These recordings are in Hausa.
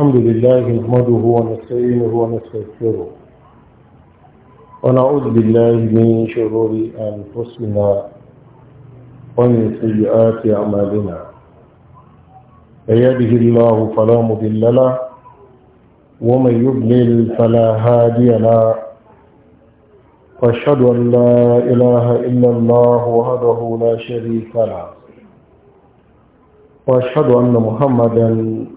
الحمد لله نحمده ونستعينه ونستغفره ونعوذ بالله من شرور أنفسنا ومن سيئات أعمالنا فيده الله فلا مضل له ومن يضلل فلا هادي له واشهد أن لا إله إلا الله وحده لا شريك له واشهد أن محمدا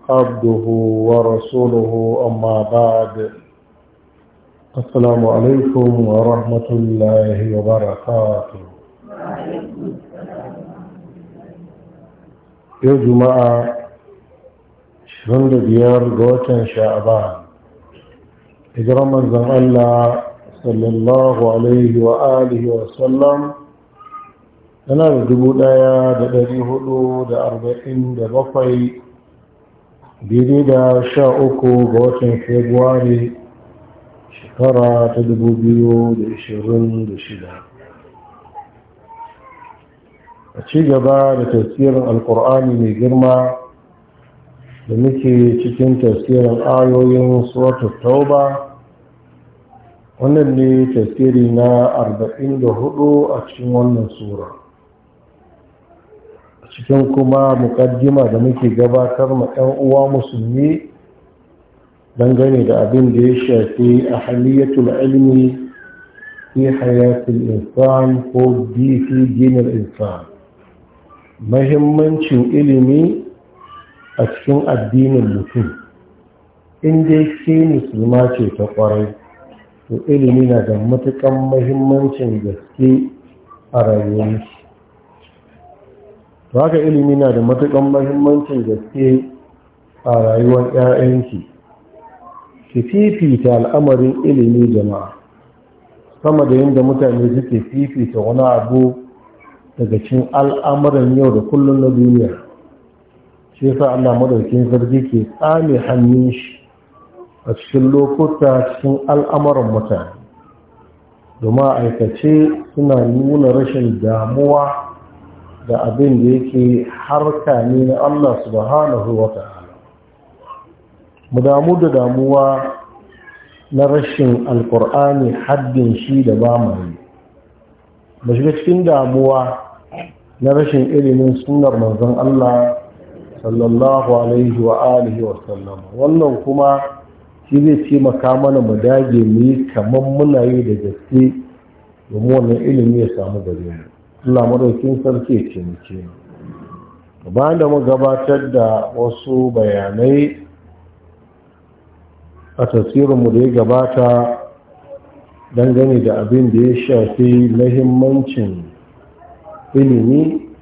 عبده ورسوله أما بعد السلام عليكم ورحمة الله وبركاته يا جماعة شهر ديار غوتن شعبان إجرام الله صلى الله عليه وآله وسلم أنا da dubu ɗaya da ɗari hudu da daidai da sha uku ga watan februari shekara ta dubu biyu da ishirin da shida a ci gaba da tasirin alkur'ani mai girma da muke cikin tasirin ayoyin suwatu tauba wannan ne tasiri na arba'in da hudu a cikin wannan sura cikin kuma mukaddima da muke gabatar ma 'yan uwa musulmi dangane da abin da ya shafi a haliyatul ilmi fi hayatul insan ko bi fi dinin insan mahimmancin ilimi a cikin addinin mutum inda ke musulma ce ta kwarai to ilimi na da matukan mahimmancin gaske a rayuwarsu to haka ilimi na da matukan mahimmancin gaske a rayuwar 'ya'yanki ki fifita al'amarin ilimi jama'a sama da yadda mutane suke fifita wani abu daga cikin al'amuran yau da kullum na duniya shi yasa Allah madaukin sarki ke tsame hannun shi a cikin lokuta cikin al'amuran mutane domin aikace suna nuna rashin damuwa da abin da yake harka ne na Allah subhanahu wa ta'ala mu damu da damuwa na rashin alkur'ani haddin shi da ba mu mu shiga cikin damuwa na rashin ilimin sunar manzon Allah sallallahu alaihi wa alihi wa sallam wannan kuma shi zai taimaka mana mu dage mu yi kamar muna yi da gaske domin wannan ilimi ya samu gare mu Allah madaukin sarki ya bayan da mu gabatar da wasu bayanai a tasirinmu da ya gabata dangane da abin da ya shafi mahimmancin ilimi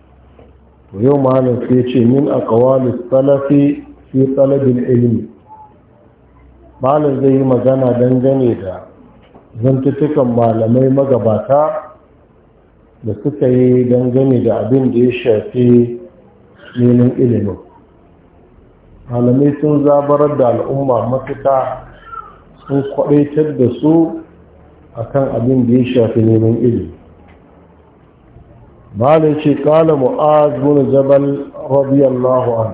to yau malam sai ce min a kawalis salafi fi talabin ilimi malam zai yi magana dangane da zantattukan malamai magabata da suka yi dangane da abin da ya shafi neman ilimin malamai sun zabarar da al'umma mafita sun kwadaitar da su akan abin da ya shafi neman ilimi malin ce kala mu'az bin jabal radiyallahu an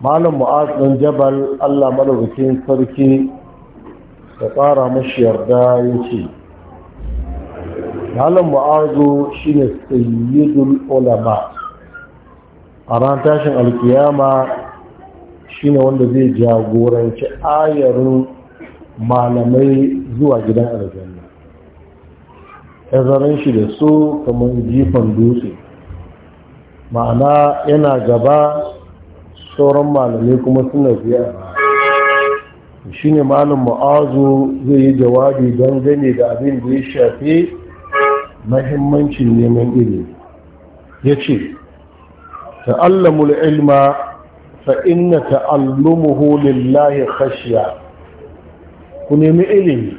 malin mu'az bin jabal allah malaukin sarki da tsara mashi yarda ya ce malam shi ne sayyidul ulama a ran tashin alkiyama shi ne wanda zai jagoranci ayarin malamai zuwa gidan aljanna yazarin shi da su kamar jifan dutse ma'ana yana gaba sauran malamai kuma suna biya shine malam mu'azu zai yi jawabi don gane da abin da ya shafi mahimmancin neman ilimi ya ce ta'allamul ilma fa inna ta'allumuhu lillahi kashiya. ku nemi ilimi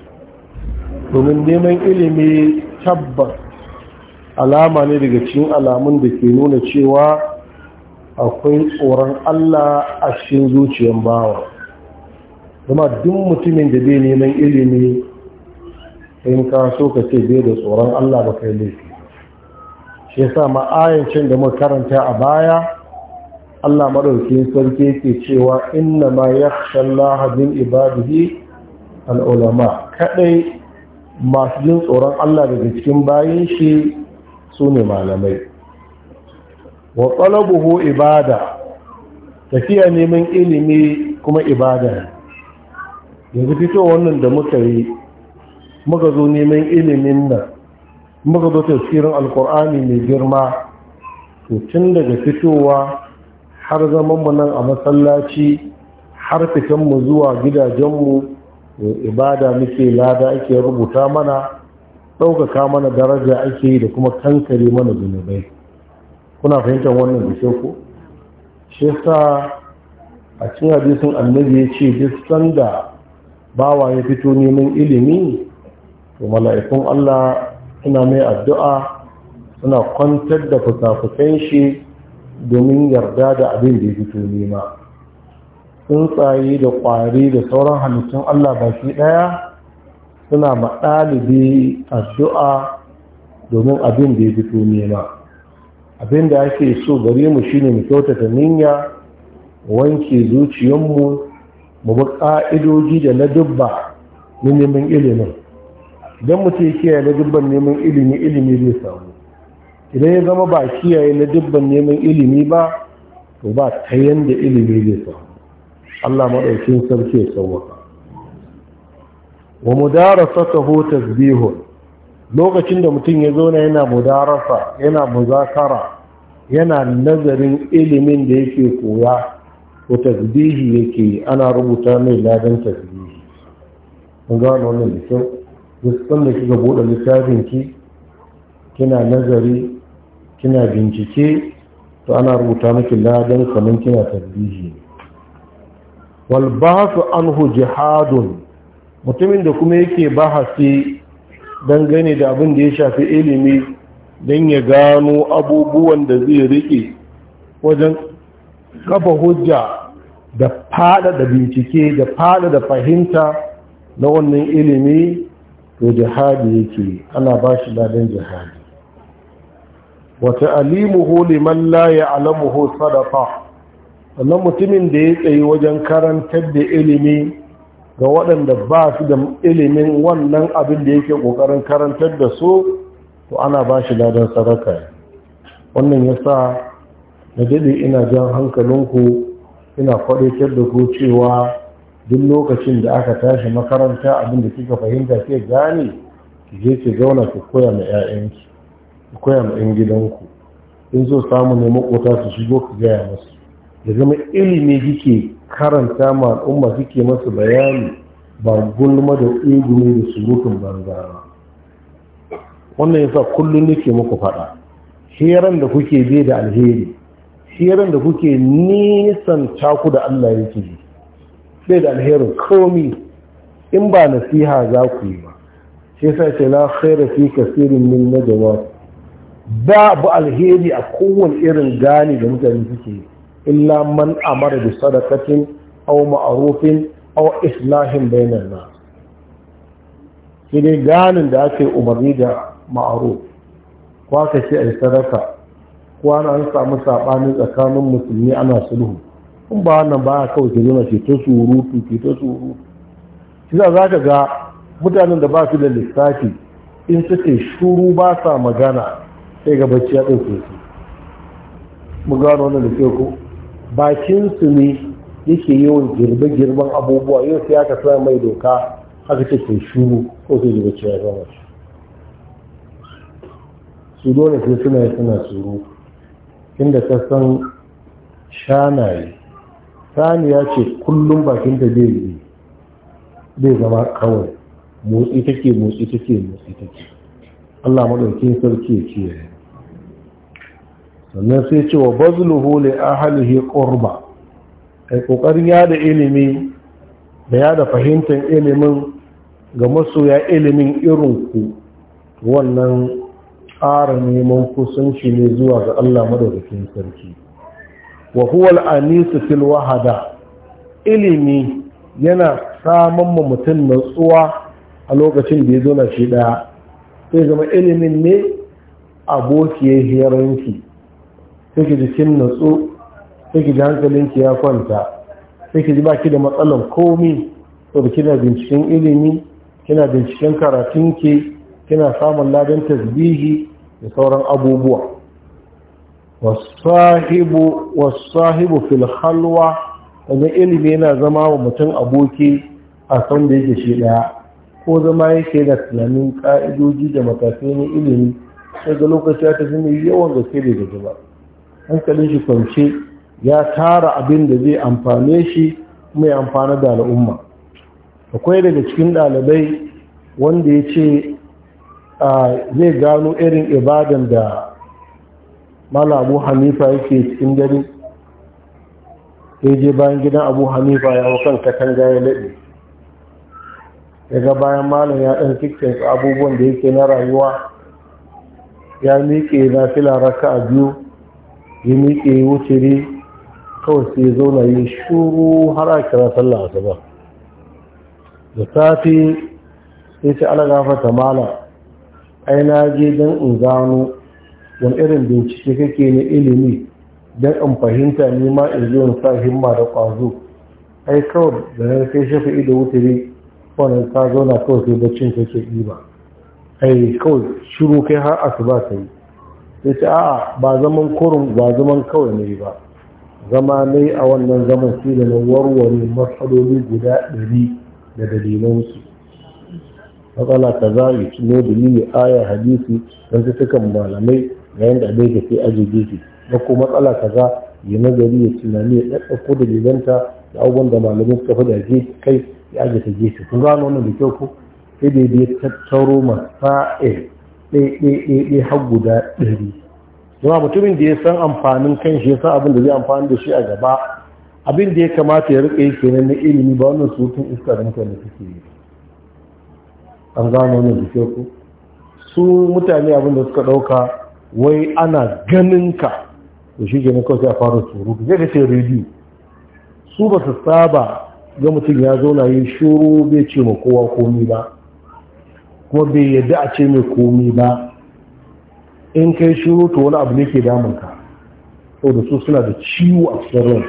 domin neman ilimi tabbas alama ne daga cikin alamun da ke nuna cewa akwai tsoron Allah a cikin zuciyar bawa kuma duk mutumin da bai neman ilimi in ka so ka ce bai da tsoron Allah ba kai laifi shi yasa ma ayancin da muka karanta a baya Allah madauki sarki yake cewa inna ma yakhsha Allah min ibadihi al-ulama kadai masu jin tsoron Allah daga cikin bayin shi sune malamai wa talabuhu ibada tafiya neman ilimi kuma ibada yanzu fito wannan da muka yi muka zo neman ilimin nan muka zo tafsirin alkur'ani mai girma to tun daga fitowa har zaman mu nan a masallaci har fitan mu zuwa gidajen mu gidajenmu eh, ibada muke lada ake rubuta mana ɗaukaka mana daraja ake yi da kuma kankare mana zunubai kuna fahimtar wannan da ko shi sa a cikin hadisin annabi ya ce duk sanda bawa ya fito neman ilimi to mala'ikun Allah suna mai addu'a suna kwantar da fuka shi domin yarda da abin da ya fito nema tsuntsaye da ƙwari da sauran halittun Allah shi ɗaya suna maɗalibi addu'a domin abin da ya fito nema abin da ake so gari mu shine mu kyautata niyya wanke zuciyarmu mu bi ƙa'idoji da na dubba na neman ilimin don mutum ya kiyaye na dubban neman ilimi ilimi zai samu idan ya zama ba kiyaye na dubban neman ilimi ba to ba ta yanda ilimi zai samu Allah maɗaukin sarki ya sauwaka wa mudarasa ta hota lokacin da mutum ya zauna yana mudarasa yana muzakara yana nazarin ilimin da yake koya ko tasbihi yake ana rubuta mai ladan tasbihi Mun gano wannan da kyau duk da kika buɗe littafin ki kina nazari kina bincike to ana rubuta miki ladan kaman kina tasbihi wal an anhu jihadun mutumin da kuma yake bahasi gane da abin da ya shafi ilimi dan ya gano abubuwan da zai rike wajen kafa hujja da fada da bincike da fada da fahimta na wannan ilimi to jihadi yake ana ba shi ladan jihadi wa ta'limuhu liman la ya'lamuhu sadaqa wannan mutumin da ya tsayi wajen karantar da ilimi ga waɗanda ba su da ilimin wannan abin da yake ƙoƙarin karantar da su to ana ba shi ladan sadaka wannan ya sa na daɗe ina jan hankalinku ina faɗaitar da ku cewa duk lokacin da aka tashi makaranta abinda kika fahimta ke gane ki je ki zauna ki koya ma 'ya'yanki ki koya ma ƴan gidanku in so samu ne makota su shigo ki gaya masu da zama ilimi kike karanta ma al'umma kike masu bayani ba gulma da ugumi da surutun banza ba wannan yasa kullum nake muku faɗa hiran da kuke bi da alheri hiran da kuke nisan taku da Allah yake yi bai da alherin komi in ba nasiha za ku yi ba shi yasa ce la khaira fi kasirin min najwa babu alheri a kowane irin gane da mutane suke illa man amara bi sadaqatin aw ma'rufin aw islahin bainan nas shi dai ganin da ake umarni da ma'ruf ko aka ce ai sadaka ko an samu sabanin tsakanin musulmi ana sulhu in ba wannan ba kawai ke zama ke ta surutu ke ta surutu shi za ka ga mutanen da ba su da lissafi in suke shuru ba sa magana sai ga bacci ya ɗauke su mu gano wannan da ke ko bakin su ne yake yawan girbe-girben abubuwa yau sai aka sa mai doka aka ce ke shuru ko sai ji bacci ya gama shi su dole sai suna suna suru inda ka san shanaye Sani ya ce kullum da zai zai zama kawai motsi take motsi take motsi take Allah madaukin sarki ya ce sannan sai ce wa bazluhu li ahlihi qurba kai kokarin da ilimi da yada fahimtar ilimin ga masoya ilimin irin ku wannan ƙara neman kusanci ne zuwa ga Allah madaukakin sarki wa huwa anisu fil wahada ilimi yana saman ma mutum natsuwa a lokacin da ya zo na shi daya sai zama ilimin ne abokiyar hiyaranki sai ki jikin natsu sai ki ji hankalinki ya kwanta sai ki ji ba ki da matsalar komi to da kina binciken ilimi kina binciken karatunki kina samun ladan tasbihi da sauran abubuwa wasahibu wasahibu fil halwa wanda ilimi yana zama wa mutum aboki a san da yake shi daya ko zama yake da tunanin ka'idoji da matakai na ilimi sai ga lokaci ya tafi mai yawan gaske da gaji hankalin shi kwance ya tara abin da zai amfane shi kuma ya amfana da al'umma akwai daga cikin ɗalibai wanda ya ce zai gano irin ibadan da mala abu hanifa yake cikin gari ya je bayan gidan abu hanifa ya kan katanga ya laɗe daga bayan malam ya ɗan cikin abubuwan da yake na rayuwa ya miƙe na fila raka a biyu ya miƙe wuciri kawai sai ya zauna ya shuru har a kira sallah asuba da safe sai ce ala gafata malam ai na je don in gano wani irin bincike kake na ilimi don in fahimta ne ma in zo in sa himma da kwazo ai kawai da na kai shafa ido wutare wannan ka zauna kawai sai baccin ka ke ba ai kawai shiru kai har asuba ta yi sai ce a'a ba zaman kurum ba zaman kawai ne ba zama ne a wannan zaman su da na warware matsaloli guda ɗari da dalilansu matsala ka ya ci ne dalili aya hadisi don su malamai yayin da abin ka sai aji gefe na ko matsala kaza ya nazari ya tunani ya ɗaɗɗauko da gidanta da abubuwan da malamin suka fi da kai ya aji ta gefe kun gano wannan da kyau ko sai da ya tattaro masa'il ɗaiɗaiɗaiɗai har guda ɗari zama mutumin da ya san amfanin kan shi ya san abin da zai amfani da shi a gaba abin da ya kamata ya riƙe yake na ilimi ba wannan surutun iska da mutane suke yi an gano wannan da kyau ko su mutane abin da suka ɗauka wai ana ganin ka to shi ke kawai a fara da zai kace rediyo su ba su saba ga mutum ya zauna yi shuru bai ce ma kowa komi ba kuma bai yadda a ce mai komi ba in kai shuru to wani abu ne ke damun sau saboda su suna da ciwo a cikin ran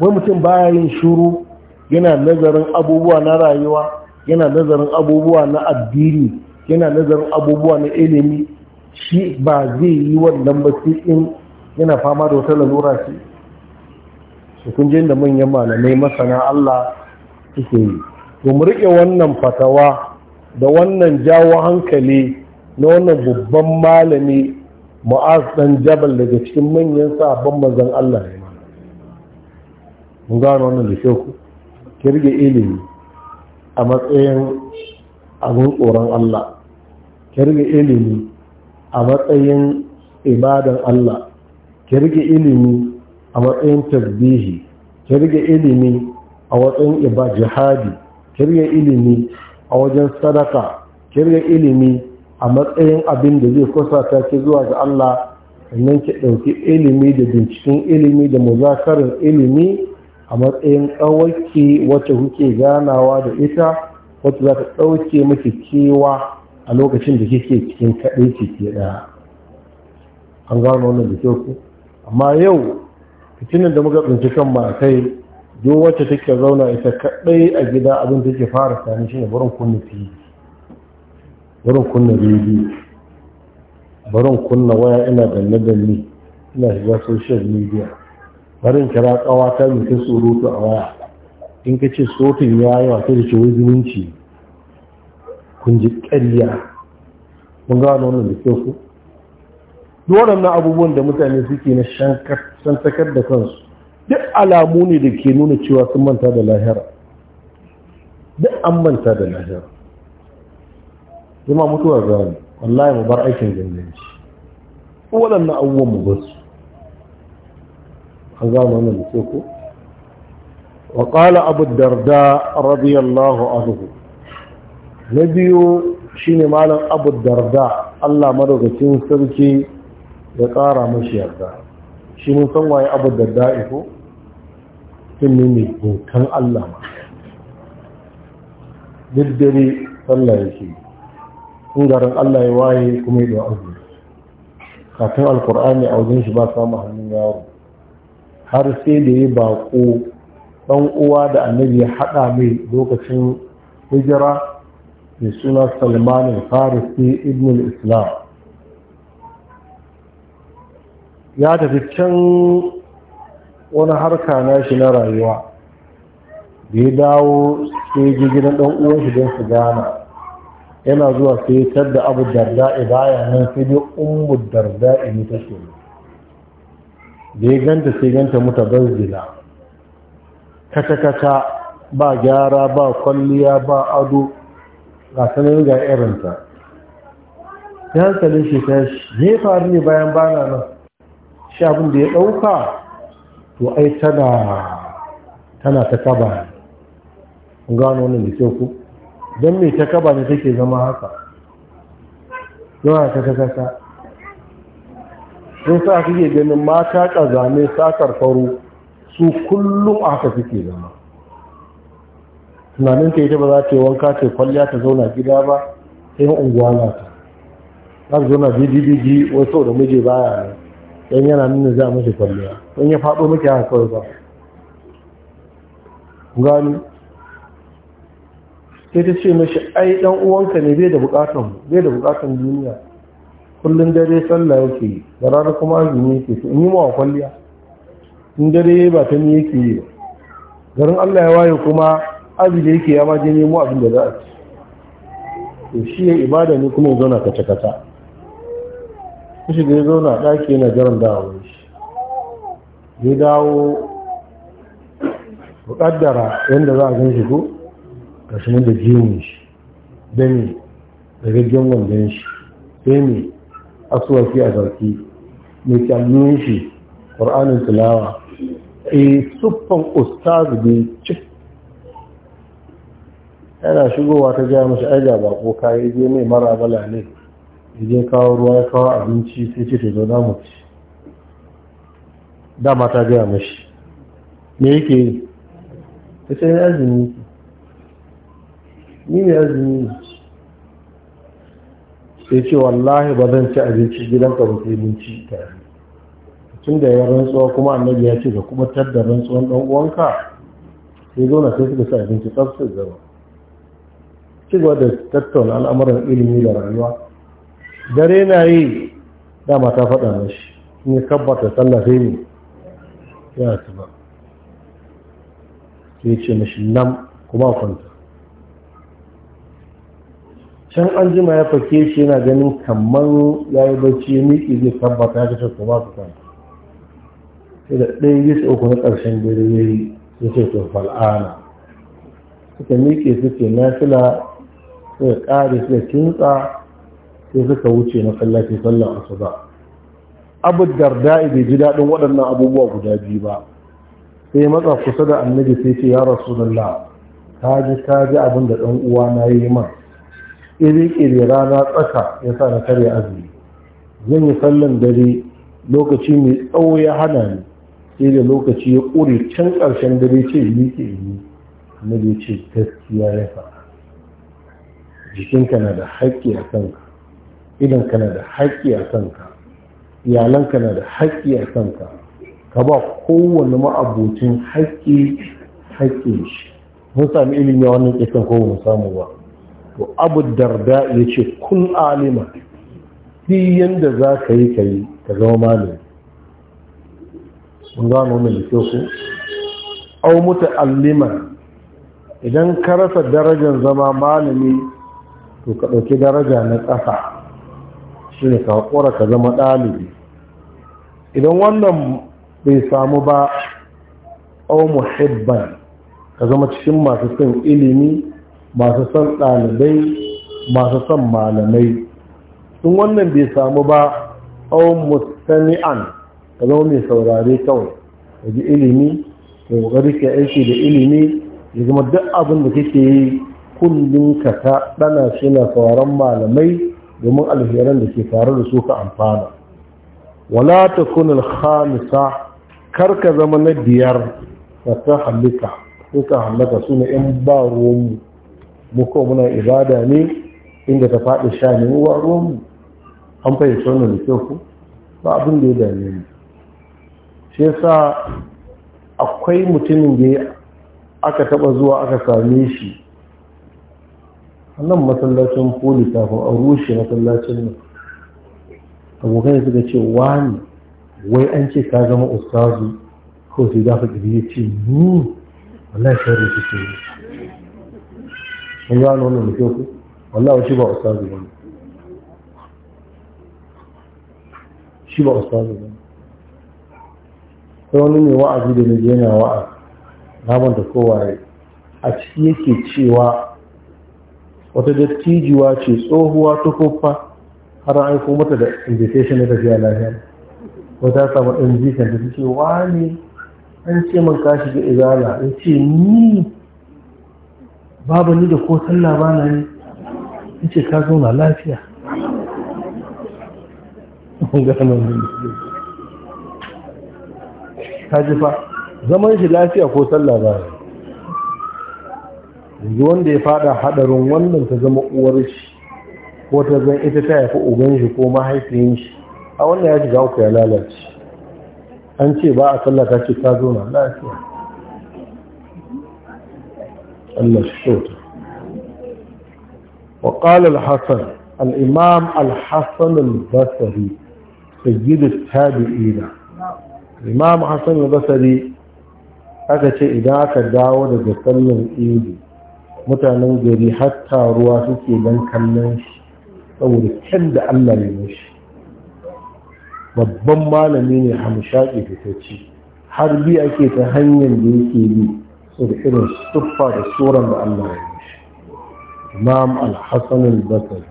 wai mutum baya yin shuru yana nazarin abubuwa na rayuwa yana nazarin abubuwa na addini yana nazarin abubuwa na ilimi shi ba zai yi wannan ba sai in yana fama da wata lalura shi. su kun da manyan malamai masana Allah suke yi to mu rike wannan fatawa da wannan jawo hankali na wannan babban malami mu'az dan jabal daga cikin manyan sabon manzon Allah ne mun gano wannan da sheku ki rike ilimi a matsayin abin tsoron Allah ki rike ilimi a matsayin ibadan Allah ki ilimi a matsayin tasbihi ki ilimi a matsayin iba jihadi ki ilimi a wajen sadaka ki ilimi a matsayin abin da zai ta ki zuwa ga Allah sannan ki ɗauki ilimi da binciken ilimi da muzakarar ilimi a matsayin ƙawarki wacce kuke ganawa da ita wacce za ta ɗauke miki kewa a lokacin da kike cikin kaɗai ce ke ɗaya an gano wannan da kyau ku amma yau fitinin da muka tsinci kan ma kai duk wacce take zauna ita kaɗai a gida abin da take fara sani shine barin kunna fi barin kunna rediyo barin kunna waya ina danne danne ina shiga social media barin kira ƙawata mai surutu a waya in ka ce sotin ya yi wata da ke wai zumunci kun ji ƙarya mun gano wannan da kyau su duk waɗannan abubuwan da mutane suke na shantakar da kansu duk alamu ne da ke nuna cewa sun manta da lahira duk an manta da lahira zama mutuwa zane wallahi mu bar aikin ganganci waɗannan abubuwan mu basu an gano wannan da kyau ku. وقال أبو الدرداء رضي الله عنه na biyu ne malam abu darda allah madaukacin sarki ya kara mashi yarda shi mun san waye abu darda iko sun ne mai bautan allah ma duk dare sallah yake in garin allah ya waye kuma ya azumi kafin alkur'ani a wajen shi ba samu hannun yaro har sai da ya bako ɗan uwa da annabi ya haɗa mai lokacin hijira mai suna salman al-farisi ibn islam ya tafi can wani harka nashi na rayuwa da ya dawo sai gidan ɗan uwanshi don su gana yana zuwa sai tar da abu darda baya nan sai dai ummu darda ne ta ke. da ya ganta sai ganta muta banzila kata-kata ba gyara ba kwalliya ba ado ga sanayin ga irinta ya hankalin shi ta ne faru ne bayan bana nan shi abin da ya ɗauka to ai tana tana ta kaba ne gano wani da kyau ku don me ta kaba ne take zama haka yawa ta ta kasa sun sa kake ganin mata ƙazame sakar faru su kullum aka suke zama tunanin ta ita ba za ta yi wanka ta kwalliya ta zauna gida ba sai yin unguwa ta za ta zauna bidibidi wai sau da miji baya ne dan yana nuna za a mashi kwalliya dan ya faɗo miki haka kawai ba gani sai ta ce mashi ai dan uwanka ne bai da bukatan bai da bukatan duniya kullum dare sallah yake da rana kuma azumi yake to in yi mawa kwalliya in dare ba ta ni yake yi garin Allah ya waye kuma abin da yake ya ma je nemo abin da za a ci to shi ya ibada ne kuma zauna kace kata shi da ya zauna ɗaki yana jiran dawo shi ya dawo ƙaddara yadda za a gan shi ko kashi da jini shi dami da gaggen wandon shi sai mai asuwaki a zarki mai kyallon shi ƙwar'anin tilawa a eh, siffan ustazu da cik yana shigowa ta gaya mashi aiga bako kayi je mai mara bala ne je kawo ruwa ya kawo abinci sai ce ta zauna mu ci dama ta gaya mashi me yake yi ta ce ya ki, ni ne azumi ne sai ce wallahi ba zan ci abinci gidan ka sai mun tare tun da ya rantsuwa kuma annabi ya ce ga kuma tar da rantsuwan dan uwanka sai zo na sai abinci tsaf zama ci da tattauna al'amuran ilimi da rayuwa dare na yi dama ta faɗa mashi in ya kabbata sallah sai ne ya su ba sai ce mashi nan kuma kwanta can an jima ya fake shi yana ganin kamar ya yi bacci ya miƙi zai tabbata ya kashe ba su kwanta sai da ɗaya yi uku na ƙarshen dare ya yi ya ce sun fal'ana suka miƙe suke na fila sai ƙare sai kintsa sai suka wuce na masallaci sallar ba. abu Da'i bai ji daɗin waɗannan abubuwa guda biyu ba sai matsa kusa da annabi sai ce ya rasu la ka ji ka ji abin da ɗan uwa na yi man iri-iri rana tsaka ya sa na karya azumi zan yi tsallon dare lokaci mai tsawo ya hana ni sai da lokaci ya ƙure can ƙarshen dare ce yi ke yi ce gaskiya ya faɗa jikinka na da haƙƙi a kanka idanka na da haƙƙi a kanka iyalanka na da haƙƙi a kanka ka ba kowane ma'abocin haƙƙi haƙƙi shi mun sami ilimi a wannan ƙasar ko mun samu ba to abu darda ya ce kun alima fi yanda za ka yi ka yi ka zama malami mun gano wannan da kyau ko au muta alliman idan ka rasa darajar zama malami to ka ɗauki daraja na ƙasa shi ne ka haƙura ka zama ɗalibi idan wannan bai samu ba au hibban ka zama cikin masu son ilimi masu son ɗalibai masu son malamai sun wannan bai samu ba au sani'an ka zama mai saurare kawai ka ji ilimi ka yi aiki da ilimi ya zama duk abin da kake yi kullum ka ta ɗana shi na sauran malamai domin alheran da ke faru da su ka amfana wala ta kunin khamisa kar ka zama na biyar da ta hallaka Su ka hallaka suna 'yan in ba ruwanmu mu ko muna ibada ne inda ta faɗi sha ne wa ruwanmu an fahimci wannan da kyau ku ba abin da ya dame mu shi yasa akwai mutumin da aka taɓa zuwa aka same shi nan masallacin poli kafin a rushe masallacin nan ya suka ce wani wai an ce ka zama ustazu ko sai dafa gari ya ce ni shi shari su ce ne an gano wannan da kyau ku wallahi shi ba ustazu ba ne shi ba ustazu ba ne sai wani ne wa'azi da na je yana wa'azi na manta kowaye. a ciki yake cewa wata dattijuwa ce tsohuwa tukuffa har an aiko mata da invitation na tafiya lafiya wata samu ɗan ta da suke wani an ce man kashi ga izala in ce ni babu ni da ko sallah ba na ni in ce ka zauna lafiya ka ji fa zaman shi lafiya ko sallah ba ne yanzu wanda ya fada hadarin wannan ta zama uwar shi ko ta zan ita ta haifi uban shi ko mahaifiyin shi a wannan ya shiga uku ya lalace an ce ba a sallah ta ce ta zo na lafiya Allah shi kyauta al-hasan al-basri sayyid al سيد imam hasan al-basri aka ce idan aka dawo daga sallan idi mutanen gari hatta ruwa suke don kallon shi saboda kyan da Allah ya mishi babban malami ne hamshaƙi fitacci har bi ake ta hanyar da yake bi saboda irin siffa da tsoron da Allah ya mishi imam al-hassan al-basri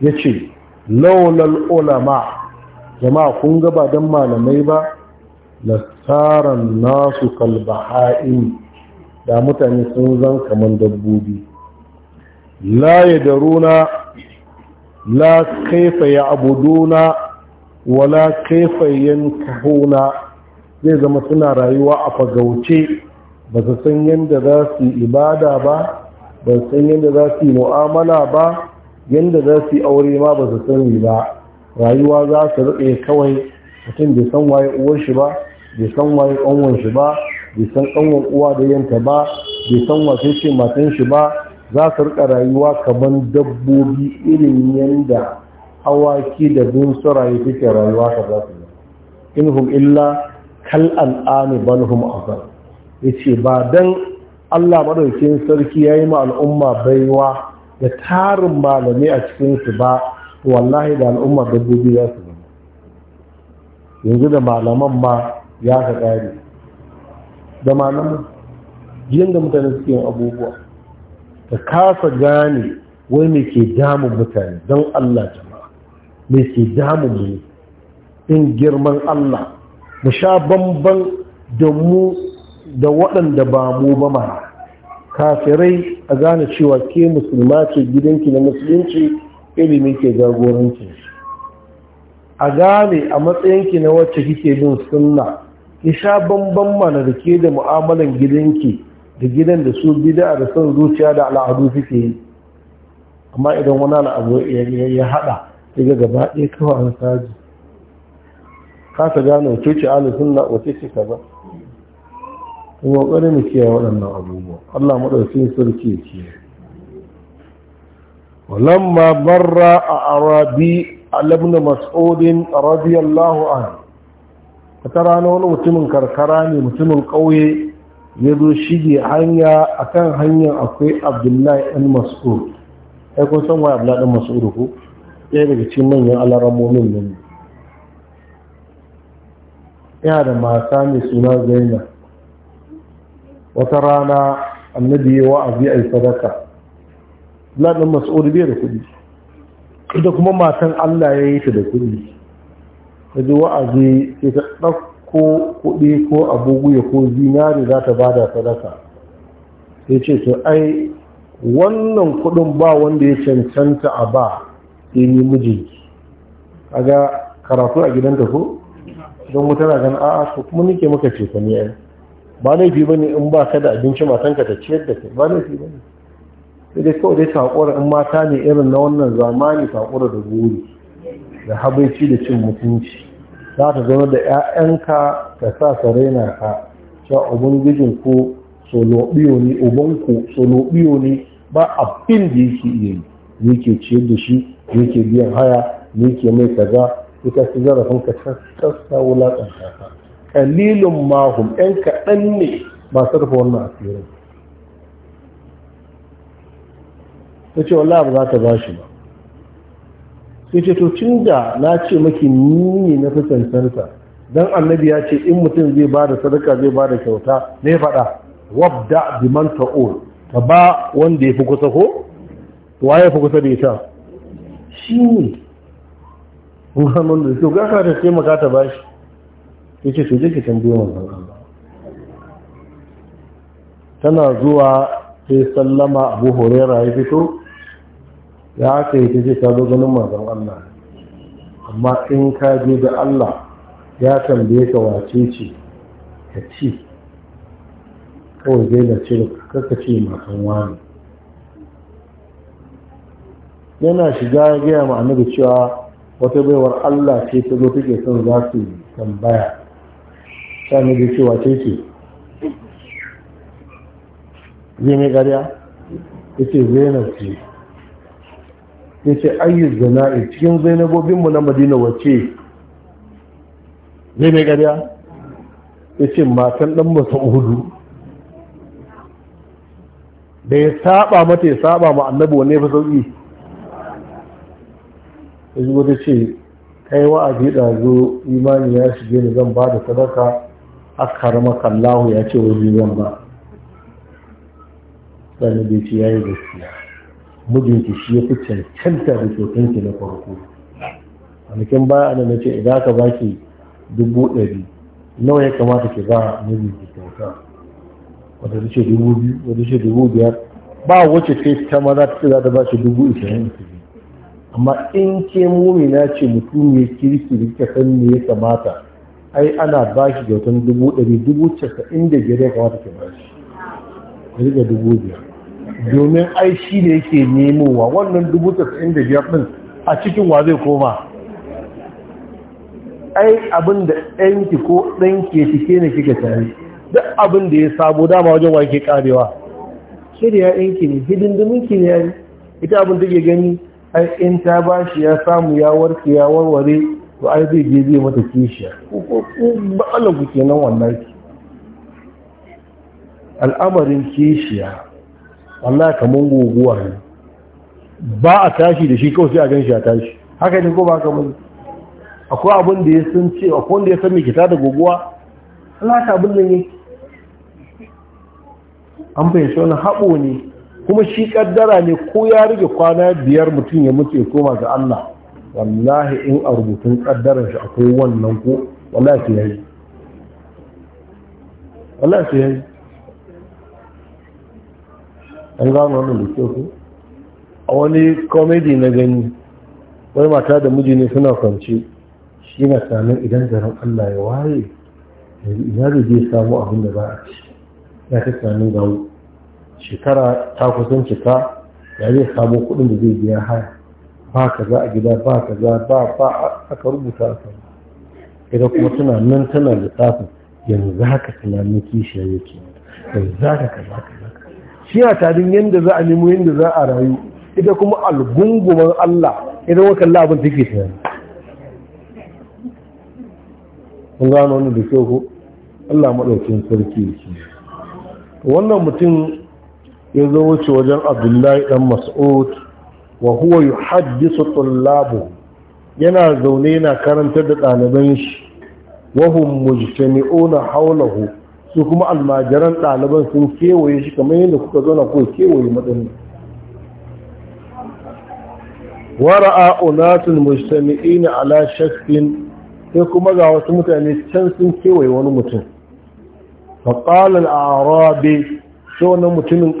ya ce laulal ulama jama'a kun ga ba don malamai ba Lassaran nasu kalbaha'in da mutane sun zan kamar dabbobi la na, la kaifa ya'buduna wala kaifa yankahuna zai zama suna rayuwa a fagauce ba su san yadda za su ibada ba ba su san yadda za su mu'amala ba yadda za su aure ma ba su sani ba rayuwa za su riƙe kawai mutum bai san waye uwar shi ba bai san waye ƙanwan shi ba bai san ƙanwar uwa da yanta ba bai san wace ce matan shi ba za su rika rayuwa kamar dabbobi irin yanda ke da bunsuraye suke rayuwa ka za su yi inhum illa kal hum balhum azal yace ba dan Allah madaukakin sarki ya yi ma al'umma baiwa da tarin malami a cikinsu su ba wallahi da al'umma dabbobi za su yanzu da malaman ma ya ka kare da malamu yadda mutane suke yin abubuwa ka kasa gane wai mai ke damun mutane don Allah jama'a mai ke damun mu in girman Allah mu sha bamban da mu da waɗanda ba mu ba ma kafirai a gane cewa ke musulma ce gidanki na musulunci ilimi ke jagoranci a gane a matsayinki na wacce kike bin sunna Ki sha bamban mana da ke da mu'amalan gidanki da gidan da su bida da son zuciya da al'adu suke yi amma idan wani al'abu ya haɗa daga gaba ɗaya kawo an saji kasa gano coci ce alisun wace ce kaza kuma ƙwari mu kiyaye waɗannan abubuwa allah maɗaukin sarki ya kiyaye ولما a أعرابي على ابن مسعود رضي الله عنه wata rana wani mutumin karkara ne mutumin ƙauye ya zo shige hanya a kan hanyar akwai abdullahi ɗan masu'ur ai kun san waya abdullahi ɗan masu'ur ko ya daga cikin manyan alaramomin nan yana da mata mai suna zainab wata rana annabi ya wa'azi a yi sadaka abdullahi ɗan masu'ur bai da kuɗi ita kuma matan allah ya yi ta da kuɗi ta ji wa'azi sai ta ɗauko kuɗi ko abubuwa ko zinari za ta bada sadaka sai ce to ai wannan kuɗin ba wanda ya cancanta a ba sai ni mijinki kaga karatu a gidanta ko don mu tana gan a'a ko kuma nike maka ce ne ai ba fi bane in ba ka da abinci ka ta ciyar da kai ba fi bane sai dai kawai dai takura in mata ne irin na wannan zamani takura da gori da habaici da cin mutunci za ta zama da 'ya'yanka ka sa ka, raina ka cewa ubangijin ko solobiyo ne ubanku solobiyo ne ba abin da yake iya yi ne ke ciyar da shi ne ke biyan haya ne ke mai kaza ita su zarafin ka sassa wulaƙanta ka kalilun mahum 'yan kaɗan ne su rufe wannan asirin ta ce wallah ba za ta ba shi ba sai ce to tun da na ce maki ni na fi cancanta don annabi ya ce in mutum zai ba da sadaka zai ba da kyauta ne faɗa wabda biman ta'ul ka ba wanda ya fi kusa ko ya fi kusa da ita shi ne muhammadu da kyau gaka da sai maka ta ba shi sai ce soje ki tambaye manzan Allah tana zuwa sai sallama abu horera ya fito ya haka yi ta ce ta zo ganin manzon Allah amma in ka je da Allah ya tambaye ka wace ce ka ci kawai zai na ce kaka ce matan wani yana shiga ya gaya ma annabi cewa wata baiwar Allah ce ta zo take son za su tambaya ta nage cewa ce ce zai mai gariya ta ce zainab ce ya ce ayyuz zana'i cikin zainabobinmu na madina wace zai mai gariya ya ce matan ɗan masa'udu da ya saba mata ya saba ma annabi wanne ya fi sauƙi ya zuwa ta ce kai wa'azi ɗazo imani ya shige ni zan ba da sadaka akar Kallahu ya ce wajen zan ba sani bai ce ya yi gaskiya mijinki shi ya fi cancanta da kyautanki na farko A nukin baya ana na ce idan ka baki dubu ɗari nawa ya kamata ki ba mijinki kyauta wata su ce dubu biyu wata ce dubu biyar ba wacce ce ta maza ta ce za ta ba shi dubu ishirin amma in ke na ce mutum ya kirki da kika san me ya kamata ai ana ba shi kyautan dubu ɗari dubu casa'in da biyar ya kamata ki ba shi ka dubu biyar domin ai shi ne yake nemowa wannan dubu da biyar din a cikin wa zai koma ai abin da ɗanki ko ɗanki ya cike ne shiga tare duk abinda ya sabo dama wajen wa ke karewa shirya ɗanki ne hidindiminki ne yayi ita abin da ke gani ai in ta ba shi ya samu ya warke ya warware to ai zai je zai mata kishiya ko ba Allah ku kenan wallahi al'amarin kishiya wallahi kamar guguwa ne ba a tashi da shi kawai sai a gan shi a tashi haka yi ko ba ka mun? akwai abin da ya san ce akwai wanda ya san mai kita da guguwa Allah ta abin nan ne an fahimci wani haɓo ne kuma shi kaddara ne ko ya rage kwana biyar mutum ya mutu ya koma ga Allah wallahi in a rubutun kaddaran shi akwai wannan ko wallahi sai yayi wallahi sai yayi an gano wannan da kyau ku a wani komedi na gani wai mata da miji ne suna kwance shi na samun idan garin allah ya waye ya zai samu abin da za a ci ya ta samun gawo shekara ta kusan cika ya zai samu kuɗin da zai biya haya ba ka za a gida ba ka za ba ba aka rubuta a kan ita kuma tana nan tana lissafin yanzu haka tunanin kishiyar yake yanzu haka ka za ka shi na tarin yadda za a nemo yadda za a rayu ita kuma al'gungunan Allah idan wa kalla abin take tunani kun gano wani da kyau ko Allah maɗaukin sarki shi wannan mutum ya zo wuce wajen abdullahi dan mas'ud wa huwa yuhaddisu tullabu yana zaune yana karantar da ɗaliban shi wahum mujtami'una hawlahu su kuma almajiran ɗaliban sun kewaye shi kamar yadda kuka zo na kuka kewaye matsayin wara'a unatun mujtami'ina ala sai kuma ga wasu mutane can sun kewaye wani mutum sai الأعرابي سونا متن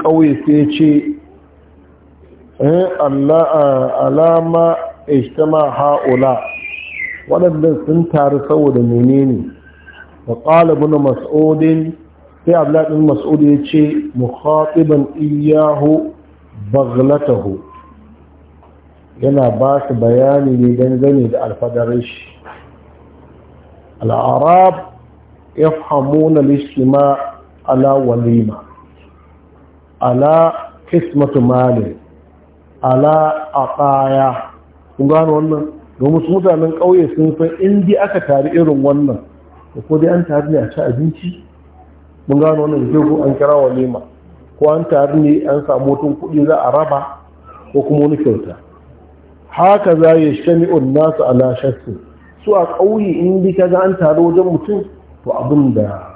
alama ishtama ha'ula waɗanda sun taru saboda menene ne." wa qala ibn mas'ud sai abdullah ibn mas'ud yace mukhatiban iyyahu baghlatahu yana ba su bayani ne dangane da alfadarin shi al'arab ya hamuna lishima ala walima ala kismatu mali ala aqaya kun gano wannan domin su mutanen ƙauye sun san indi aka tari irin wannan da ko dai an tare ne a ci abinci mun gano wannan jego an kira wa lema ko an tare ne an samu wutan kuɗi za a raba ko kuma wani kyauta haka za ya shani nasu ala shassu su a ƙauye in bi ga an taru wajen mutum to abin da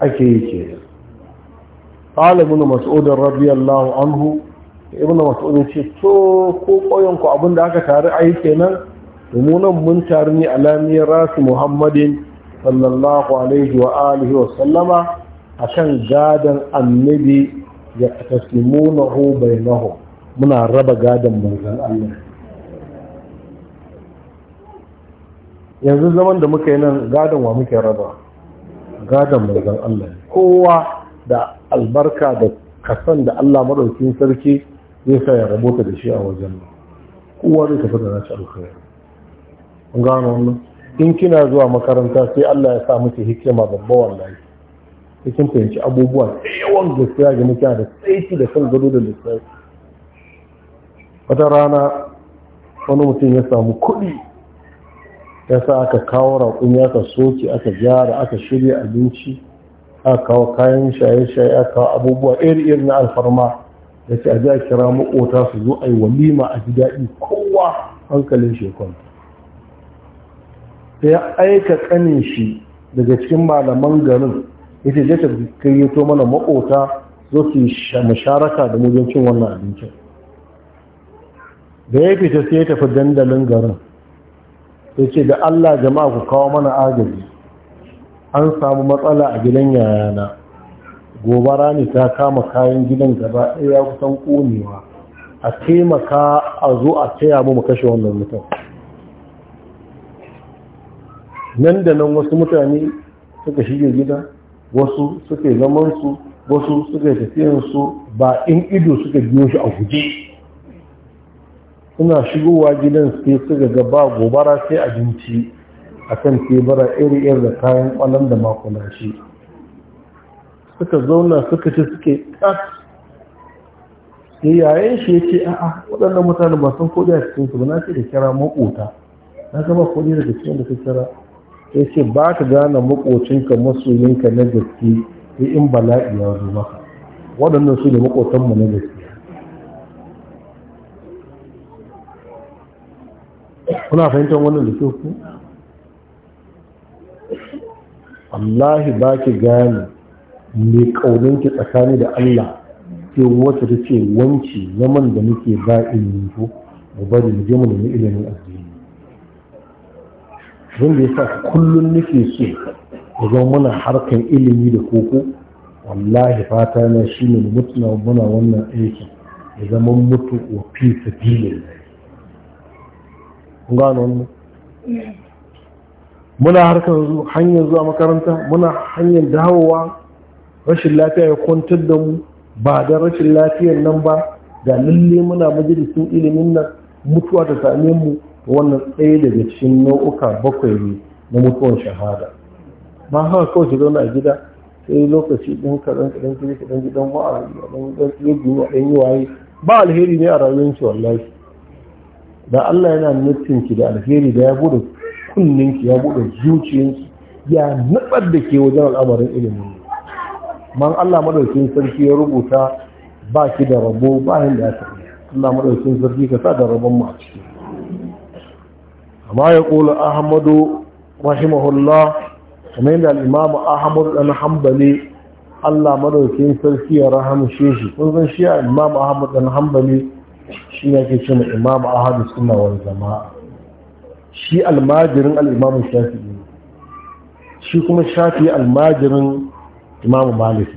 ake yi ke da ابن مسعود رضي الله عنه ibn Mas'udin ce to ko koyon ku abinda aka tare a yi kenan nan mun taru ne alamiyar rasu muhammadin sallallahu alaihi wa alihi wa sallama a kan gadon annabi ya taslimunahu bainahu muna raba gadon manzon Allah yanzu zaman da muka yi nan gadon wa muke raba gadon manzon Allah kowa da albarka da kasan da Allah maɗaukin sarki zai sa ya rabota da shi a wajen kowa zai tafi da nashi alkhairi gano wannan in kina zuwa makaranta sai Allah ya sa miki hikima babba wallahi cikin fahimci abubuwa yawan gaskiya ga muke da tsaiki da san gado da lissafi wata rana wani mutum ya samu kuɗi ya sa aka kawo raƙun aka soke aka gyara aka shirya abinci aka kawo kayan shaye-shaye aka kawo abubuwa iri-iri na alfarma da ce a kira maƙota su zo a yi walima a ji daɗi kowa hankalin shekwanta ya aika kanin shi daga cikin malaman garin yace je ta kayyato mana makota zo su sharaka da mu cin wannan abincin da ya fita sai ya tafi dandalin garin ya ce da Allah jama'a ku kawo mana agaji an samu matsala a gidan yayana gobara ne ta kama kayan gidan gaba ɗaya kusan ƙonewa a taimaka a zo a taya mu mu kashe wannan mutum nan da nan wasu mutane suka shige gida wasu suka yi zamansu wasu suka yi tafiyansu ba in ido suka biyo shi a guje suna shigowa gidan sai suka ga ba gobara sai abinci a kan tebura iri iri da kayan kwanan da makona shi suka zauna suka ci suke tas sai yayin shi ya ce a'a waɗannan mutane ba sun kodi a cikinsu ba na ce da kira makota na gaba kodi daga cikin da ta kira ya ce ba ka gane makocinka masoyinka na gaske sai in bala'i ya zo maka waɗannan su ne makotanmu na gaske kuna fahimtar wannan da ku Allah ba ki gane mai ki tsakani da Allah ke wata ta ce wanci zaman da muke ba'in yanzu, yi mu bari mu je mu nemi ilimin addini zan da sa kullum nufi so idan muna harkar ilimi da koko wallahi fata na shi ne mutuna muna wannan aikin da zaman mutu wa fi sabilin gano wannan muna harkar hanyar zuwa makaranta muna hanyar dawowa rashin lafiya ya kwantar da mu ba da rashin lafiyar nan ba ga lalle muna majalisun ilimin nan mutuwa ta same mu wannan tsaye daga cikin nau'uka bakwai ne na mutuwan shahada ba haka kawai ki zauna a gida sai lokaci ɗin kaɗan kaɗan kaɗan kaɗan gidan wa'azi a ɗan ɗan ɗan ɗan yi waye ba alheri ne a rayuwar ki wallahi da Allah yana nufin ki da alheri da ya bude kunnen ki ya bude zuciyar ki ya nubar da ke wajen al'amarin ilimin man Allah madaukin sarki ya rubuta ba ki da rabo ba hin da ta Allah madaukin sarki ka sa da rabon mu a ciki كما ya أحمد ahmadu الله كما yadda الإمام ahmadu أن hambali allah madaukin sarki ya rahamshe shi kun san shi a imamu ahmadu ɗan hambali shi ne ake ce imamu ahmadu suna wani shi almajirin al'imamu shafi'i shi kuma shafi almajirin maliki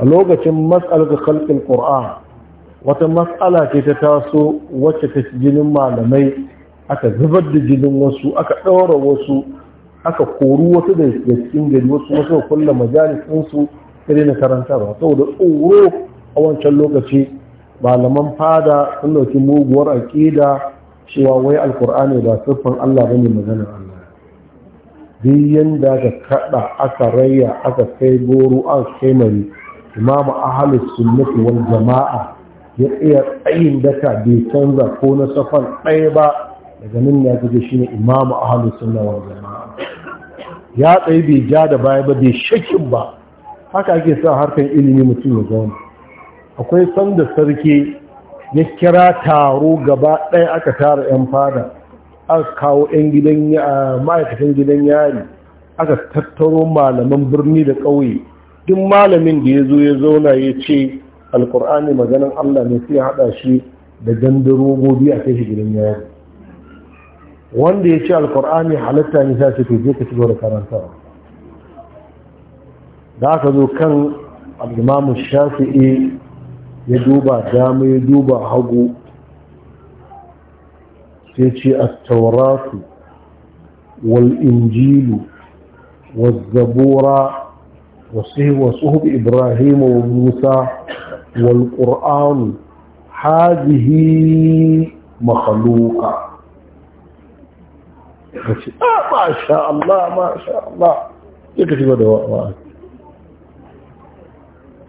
a lokacin matsalar kalkin ƙura'a wata matsala ce ta taso wacce ta ginin malamai aka zubar da jinin wasu aka ɗaura wasu aka koru wasu da cikin gari wasu wasu kulla majalisinsu ta daina ba saboda tsoro a wancan lokaci malaman fada sun dauki muguwar aƙida cewa wai alkur'ani ba siffan Allah bane maganar Allah duk yanda ka kada aka raya aka kai goro aka kai mari imamu ahli sunnati wal jama'a ya iya tsayin daka bai canza ko na safan ɗaya ba daga nan ya gaje shi ne imamu ahalus sunna wal jama'a ya tsaye bai ja da baya ba bai shakin ba haka ake sa harkan ilimi mutum ya zauna akwai sanda sarki ya kira taro gaba ɗaya aka tara 'yan fada aka kawo 'yan gidan ma'aikatan gidan yari aka tattaro malaman birni da ƙauye duk malamin da ya zo ya zauna ya ce alkur'ani maganin allah ne sai haɗa shi da gandun robobi a kai shi gidan yari wanda ya ce alkur'ani halitta ne sai ce je ka ci da karanta da aka zo kan al shafi'i ya duba dama ya duba hagu sai ce at-tauratu wal injilu waz zabura وصحب إبراهيم وموسى والقرآن هذه مخلوقة ka ce a ah, masha Allah masha Allah ka shiga da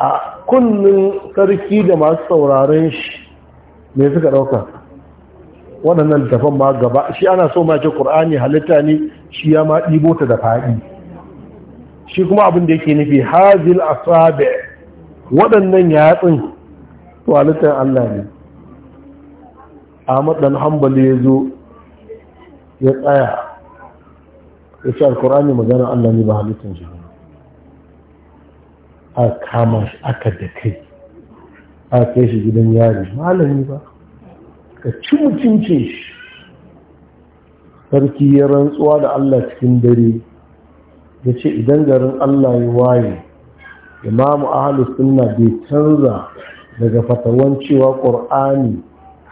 a kullum sarki da masu sauraren shi me suka ɗauka waɗannan tafan ma gaba shi ana so ma ce ƙur'ani halitta ne shi ya ma ɗibo ta da faɗi shi kuma abin da yake nufi hazil asabe waɗannan yatsun to halittar Allah ne Ahmad dan hambali ya zo ya tsaya ya ce alkur'ani magana Allah ne ba halittar shi a kama shi aka da kai a kai shi gidan yari malami ba ka ci mutunce shi sarki ya rantsuwa da Allah cikin dare ya ce idan garin Allah ya waye imamu ahalus sunna bai canza daga fatawan cewa ƙur'ani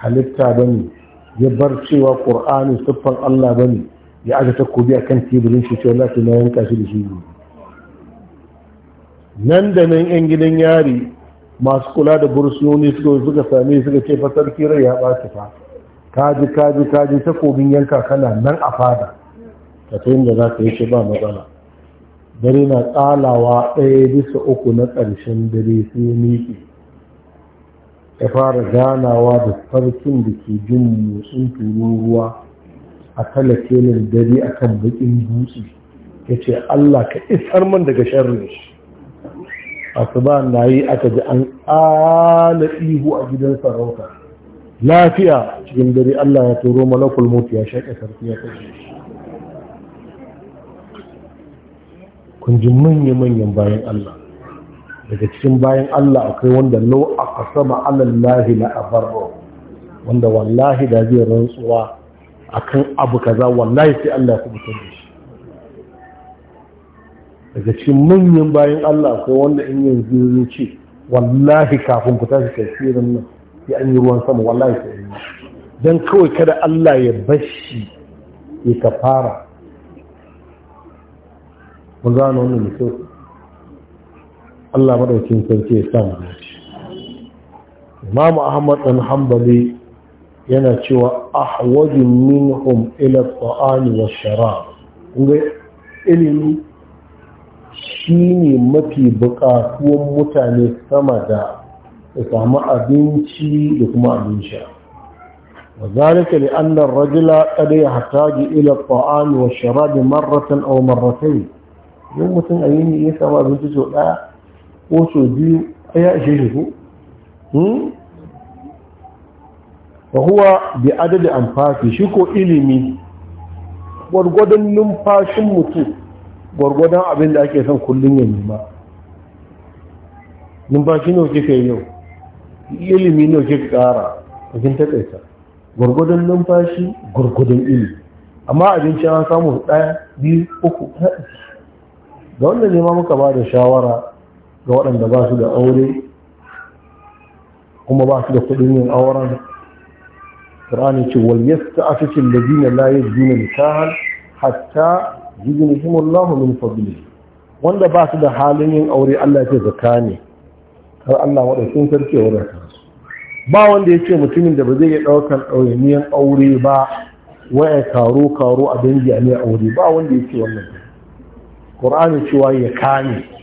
halitta ba ne ya bar cewa ƙur'ani siffar Allah ba ne ya aka takobi a kan teburin shi cewa lati na yanka shi da shi ne nan da nan yan gidan yari masu kula da bursuni suka suka same suka ce fasar kira ya ɓaci fa kaji kaji kaji takobin yanka kana nan a fada ka ta yin da za ka yi shi ba matsala dare na tsalawa ɗaya bisa uku na ƙarshen dare sai miƙe ya fara ganawa da sarkin da ke jin motsin ruwa a talakelin dare a kan bakin dutse ya ce allah ka isar man daga sharrin shi asuba na yi aka ji an ƙala ihu a gidan sarauta lafiya cikin dare allah ya turo malakul mutu ya shaƙe sarki ya kashe kun ji manya-manyan bayan allah daga cikin bayan Allah akwai wanda lau a ma'anar lahi na abarro wanda wallahi da zai rantsuwa a kan abu kaza wallahi sai Allah ya kubutar da shi daga cikin manyan bayan Allah akwai wanda in yanzu zai ce wallahi kafin ku tashi tafsirin nan ya an yi ruwan sama wallahi sai yi don kawai kada Allah ya bashi ya kafara mun gano wannan mutum Allah maɗaukin sarki ya sa mu Imamu Ahmad ɗan hambali yana cewa ahwajin minhum ila ta'ani wa sharab inda ilimi shine mafi buƙatuwan mutane sama da su samu abinci da kuma abin sha wa zalika li anna ar-rajula qad yahtaji ila ta'ani wa sharab marratan aw marratayn yau mutum ayyini ya samu abinci sau ɗaya ko so biyu ya ishe shi ko hmm? wa huwa bi adadi amfafi shi ko ilimi gwargwadon numfashin mutu, gwargwadon abin da ake son kullum ya nema numfashi ne kika yi yau ilimi ne kika kara cikin takaita gwargwadon numfashi gwargwadon ilimi amma abinci an samu ɗaya biyu uku ga wanda nema muka ba da shawara ga waɗanda ba su da aure kuma ba su da kuɗin yin auren ƙirani ce wal yasta a cikin labina la yi zuna nikahan hatta jibin himar min fabili wanda ba su da halin yin aure Allah ce zaka ne har Allah waɗansu sarki a wadata su ba wanda ya ce mutumin da ba zai iya ɗaukar ɗauyaniyan aure ba waya karo karo a dangi a ne aure ba wanda ya ce wannan ƙirani cewa ya kane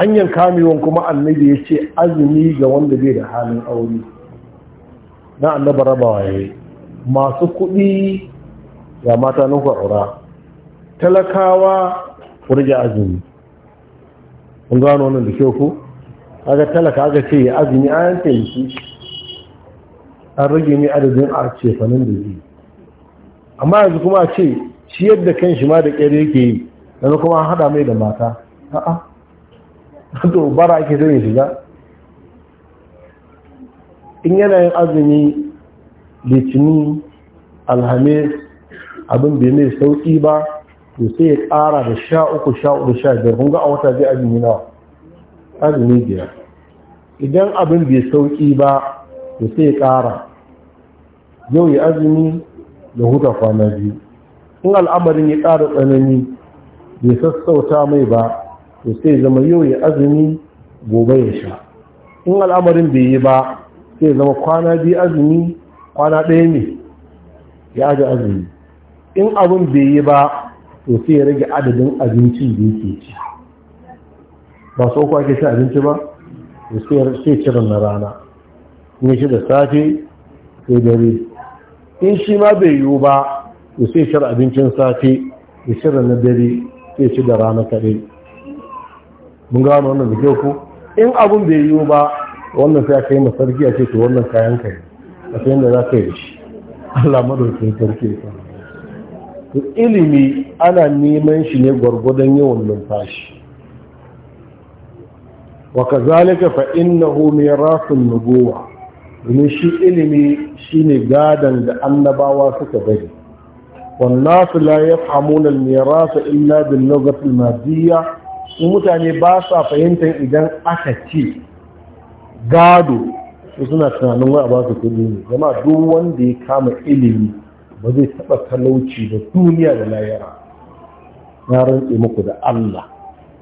hanyar kamewan kuma annabi ya ce azumi ga wanda bai da halin aure na annaba rabawa ya yi masu kuɗi ga mata na aura talakawa ku rage azumi kun gano wannan da kyau ku aga talaka aga ce ya azumi a yan taimaki an rage ne adadin a cefanin da zai amma yanzu kuma a ce shi yadda kan shi ma da ƙyar yake yi yanzu kuma an haɗa mai da mata a'a to bara ake zai ya shiga in yana yin azumi litini alhamis abin bai mai sauki ba to sai ya ƙara da sha uku sha uku sha biyar kunga ga a wata zai azumi na azumi biyar idan abin bai sauki ba to sai ya ƙara yau ya azumi da huta kwana biyu in al'amarin ya ƙara tsanani bai sassauta mai ba to sai zama yau ya azumi gobe ya sha in al'amarin bai yi ba sai zama kwana biyu azumi kwana ɗaya ne ya aji azumi in abin bai yi ba to sai ya rage adadin abincin da yake ci ba su kwa ke ci abinci ba sai cirin na rana in shi da safe sai dare in shi ma bai yiwu ba to sai cire abincin safe da shirin na dare sai ci da rana kaɗai mun gano wannan da kyau ko in abun bai yiwu ba wannan sai aka yi masarki a ce to wannan kayan ka a sai yadda za ka yi shi Allah madaukin sarki ya to ilimi ana neman shi ne gwargwadon yawan numfashi wa kazalika fa innahu mirasun nubuwa domin shi ilimi shine gadan da annabawa suka bari والناس لا يفهمون الميراث إلا باللغة المادية su mutane ba sa fahimtar idan aka ce gado su suna tunanin wa ba su kudi ne zama duk wanda ya kama ilimi ba zai taɓa talauci da duniya da layara na rantse muku da Allah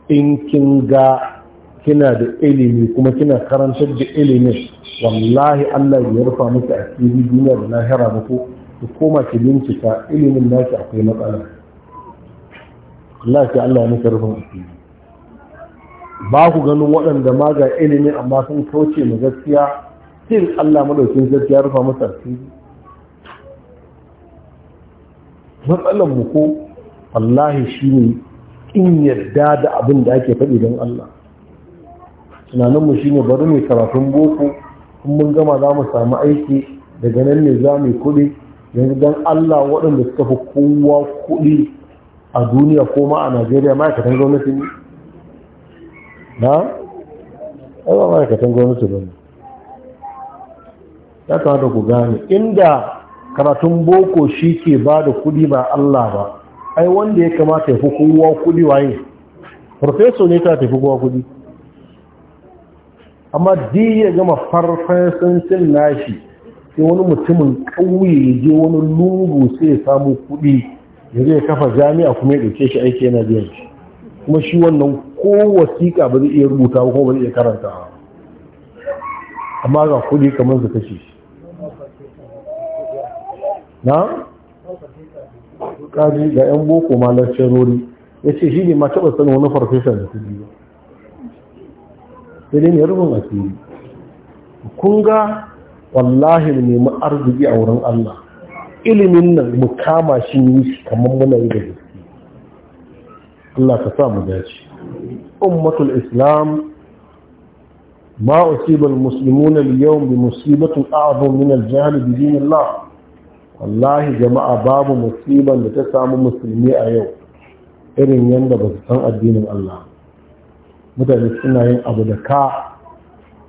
in kin ga kina da ilimi kuma kina karantar da ilimin wallahi Allah ya rufa muku a cikin duniya da lahira muku ku koma ki bincika ilimin naki akwai matsala Allah ya Allah ya muku rufin ba ku ganin waɗanda ma ga ilimin amma sun kauce mu gaskiya sin Allah madaukin gaskiya rufa masa asiri matsalan mu ko wallahi shine in yarda da abin da ake faɗi don Allah tunanin mu shine bari mu karatun boko kun mun gama za mu samu aiki daga nan ne za mu kuɗi yanzu don Allah waɗanda suka fi kowa kuɗi a duniya ko ma a Najeriya ma'aikatan gwamnati ne na ba ma'aikatan gwamnati ba ne ya kamata ku gane inda karatun boko shi ke ba da kudi ba Allah ba ai wanda ya kamata ya fi kowa kudi waye farfeso ne ta tafi kowa kudi amma di ya gama farfesancin nashi sai wani mutumin ƙauye ya je wani lungu sai ya samu kudi ya zai kafa jami'a kuma ya ɗauke shi aiki yana biyan shi kuma shi wannan ko wasiƙa ba zai iya rubuta ko ba zai iya karanta amma ga kuɗi kamar su kashe shi na? kaji ga 'yan boko ma lakcarori ya ce shi ne ma taɓa sanin wani farfesa da su biyu sai dai ne rubin asiri kun ga wallahi mu nemi arziki a wurin Allah ilimin nan mu kama shi ne kamar muna yi da gaske Allah ka sa mu dace أمة الإسلام ما أصيب المسلمون اليوم بمصيبة أعظم من الجهل بدين الله والله جمع باب مصيبة لتسام مسلمي أيوم إرين يندب بسطن الدين الله متى يسنى أبو دكاء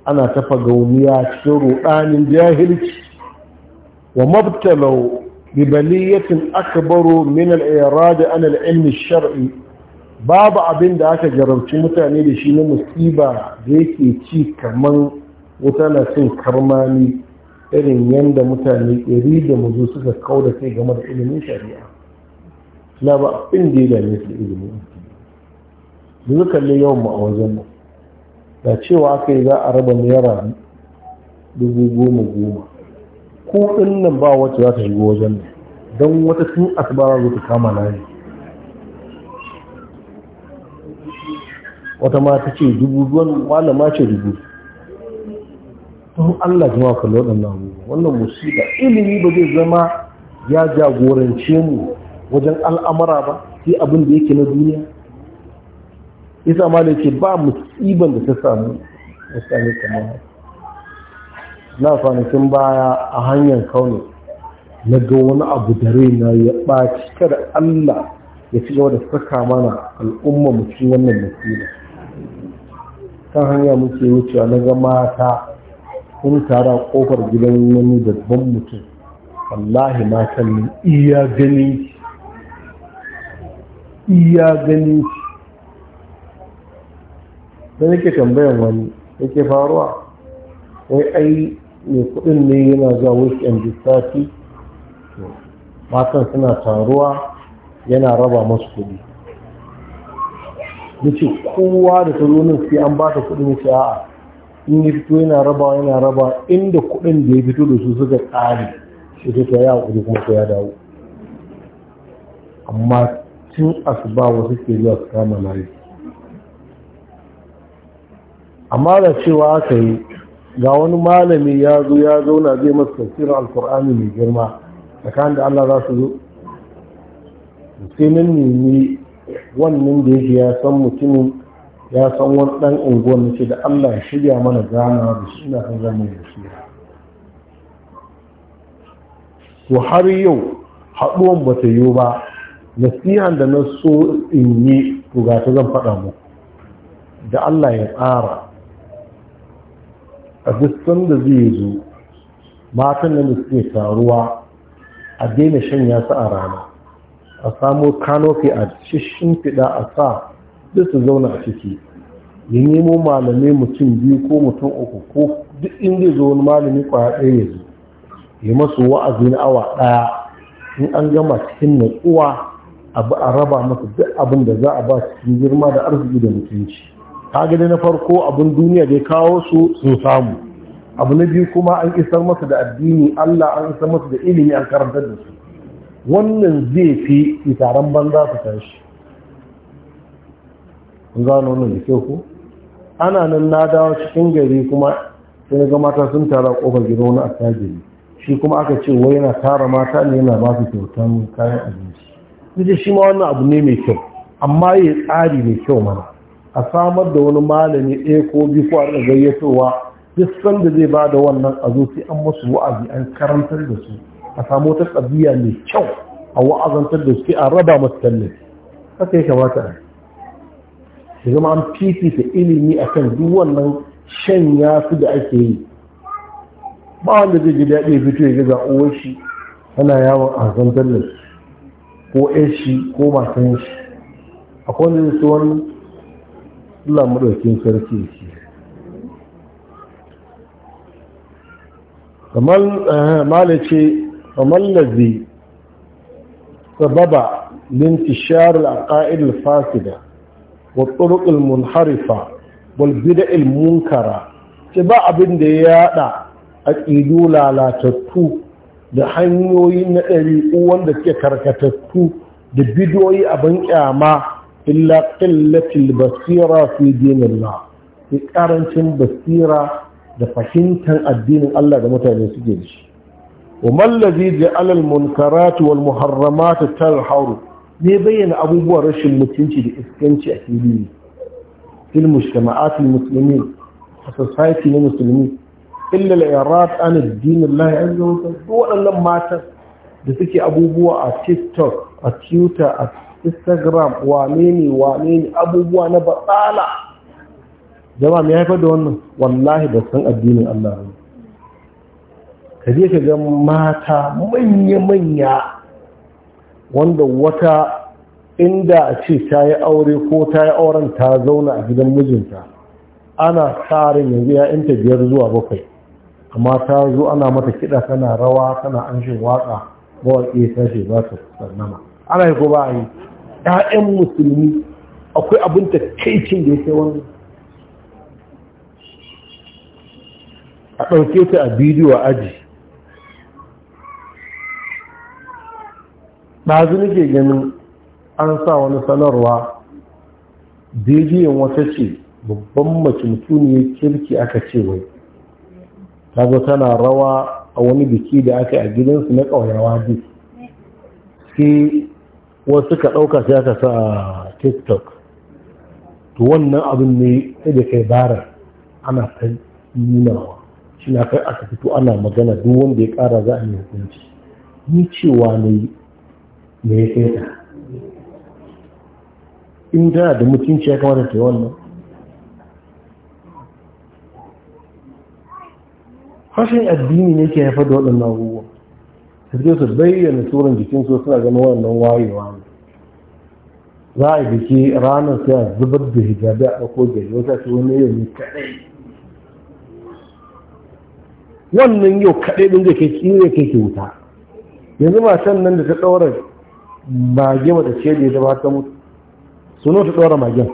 أنا تفقوني أشتروا آن الجاهل ومبتلوا ببلية أكبر من الإيراد عن العلم الشرعي babu abin da aka jarabci mutane da shi na musiba da yake ci kamar wuta na cin karmani irin yadda mutane ɗari da mazu suka kau da kai game da ilimin shari'a na ba abin da ya dame su ilimin yanzu kalle yawan mu a wajen mu da cewa aka yi za a raba naira dubu goma goma ko ɗin nan ba wacce za ta shigo wajen nan don wata tun asibara zuwa kama kama layi wata mata ce dubu duwan malama ce dubu don Allah jima kalli waɗannan abubuwa wannan musiba ilimi ba zai zama ya jagorance mu wajen al'amara ba sai abin da yake na duniya isa ma da yake ba musiban da ta samu mutane kamar haka na kwanakin baya a hanyar kaune na ga wani abu da na ya ɓaci kada Allah ya ci gaba da saka mana al'umma mutum wannan musulun kan hanya muke wucewa na ga mata sun tara kofar gidan wani babban mutum wallahi matan ne iya gani iya gani da nake tambayan wani yake faruwa wai ai mai kudin ne yana zuwa yan sati matan suna taruwa yana raba masu kudi ya ce kowa da ta zo nan sai an ba ta kuɗin shi a'a in ya fito yana raba yana raba inda kuɗin da ya fito da su suka tsari shi ta ya haƙuri kuma ta ya dawo amma cin asuba wasu ke zuwa su kama layi amma da cewa aka yi ga wani malami ya zo ya zauna zai masu tafsirin alkur'ani mai girma tsakanin da allah za su zo sai nan nemi wannan da yake ya san mutumin ya san wani ɗan unguwar nace da Allah ya shirya mana gana da shi na kan zama da shi to har yau haɗuwan ba ta yiwu ba nasihan da na so in yi to ga ta zan faɗa mu da Allah ya tsara a duk da zai zo matan da suke taruwa a daina shanya a rana a samo kanofi a shimfiɗa a sa duk su zauna a ciki ya nemo malamai mutum biyu ko mutum uku ko duk inda zo wani malami kwaya ɗaya ya zo ya masu wa'azi na awa ɗaya in an gama cikin natsuwa abu a raba masa duk abin da za a ba cikin girma da arziki da mutunci gani na farko abin duniya da ya kawo su sun samu abu na biyu kuma an isar masa da addini Allah an isar masa da ilimi an karantar da su wannan zai fi itaren banza su tashi gano nan da kyau ko ana nan na dawo cikin gari kuma sai ga mata sun tara kofar gida wani attajiri shi kuma aka ce wai yana tara mata ne yana ba su kyautan kayan abinci duk shi ma wannan abu ne mai kyau amma ya tsari mai kyau mana a samar da wani malami ɗaya ko biyu ko a gayyatowa duk sanda zai ba da wannan a zo sai an musu wa'azi an karantar da su a samu ta tsabiya mai kyau a wa'azantar da suke a raba masu tallafi haka ya kamata a zama an fifita ilimi a kan duk wannan shan yasu da ake yi ba wanda zai ji daɗi fito ya gaza uwar shi ana yawon da tallafi ko yan shi ko matan shi a kwanin su wani Allah sarki shi kamar eh, malace kamar lazi sababa لانتشار العقائد الفاسدة والطرق المنحرفة والبدع المنكرة ba abin da ya yaɗa ƙidu lalatattu da hanyoyi na ɗari'u wanda ke karkatattu da bidoyi abin kyama illa qillatil basira fi dinillah ƙarancin basira da fahimtar addinin Allah da mutane suke da shi Alal الذي جعل المنكرات والمحرمات تظهر ne bayyana abubuwan rashin mutunci da iskanci a fili fil mujtama'atul muslimin a society na musulmi illa al-irad an ad-din Allah azza wa jalla waɗannan matan da suke abubuwa a TikTok a Twitter a Instagram wane ne wane ne abubuwa na batsala jama'a me haifar da wannan wallahi ba san addinin Allah ka je ka ga mata manya-manya wanda wata inda a ce ta yi aure ko ta yi auren ta zauna a gidan mijinta ana tsarin yanzu ya'yanta biyar zuwa bakwai amma ta zo ana mata kiɗa tana rawa tana anshin waƙa wa ta ce ba ta sannama ana yi ko ba a yi ‘ya'yan musulmi akwai abin ta kaicin da yake wani a ɗauke ta a bidiyo a aji ɗazu nake ganin an sa wani sanarwa bidiyon wata ce babban mace mutuniyar kirki aka ce wai ta zo tana rawa a wani biki da aka yi a gidansu na ƙauyawa ji sai wasu ka ɗauka sai aka sa a tiktok to wannan abin ne sai da kai bara ana ta nunawa shi na kai aka fito ana magana duk wanda ya ƙara za a yi hukunci ni cewa ne da ya kai ta in tana da mutunci ya kamata ta yi wannan fashin addini ne ke haifar da waɗannan abubuwa ta je su bayyana tsoron jikinsu suna ganin wannan wayewa ne za a biki ranar sai a zubar da hijabi a ɗauko gari wata ce wani yau ne kaɗai wannan yau kaɗai ɗin da ke tsire ke ke wuta yanzu ba can nan da ta ɗaura mage wadda ce da ya zaba ta mutu suno ta tsora magen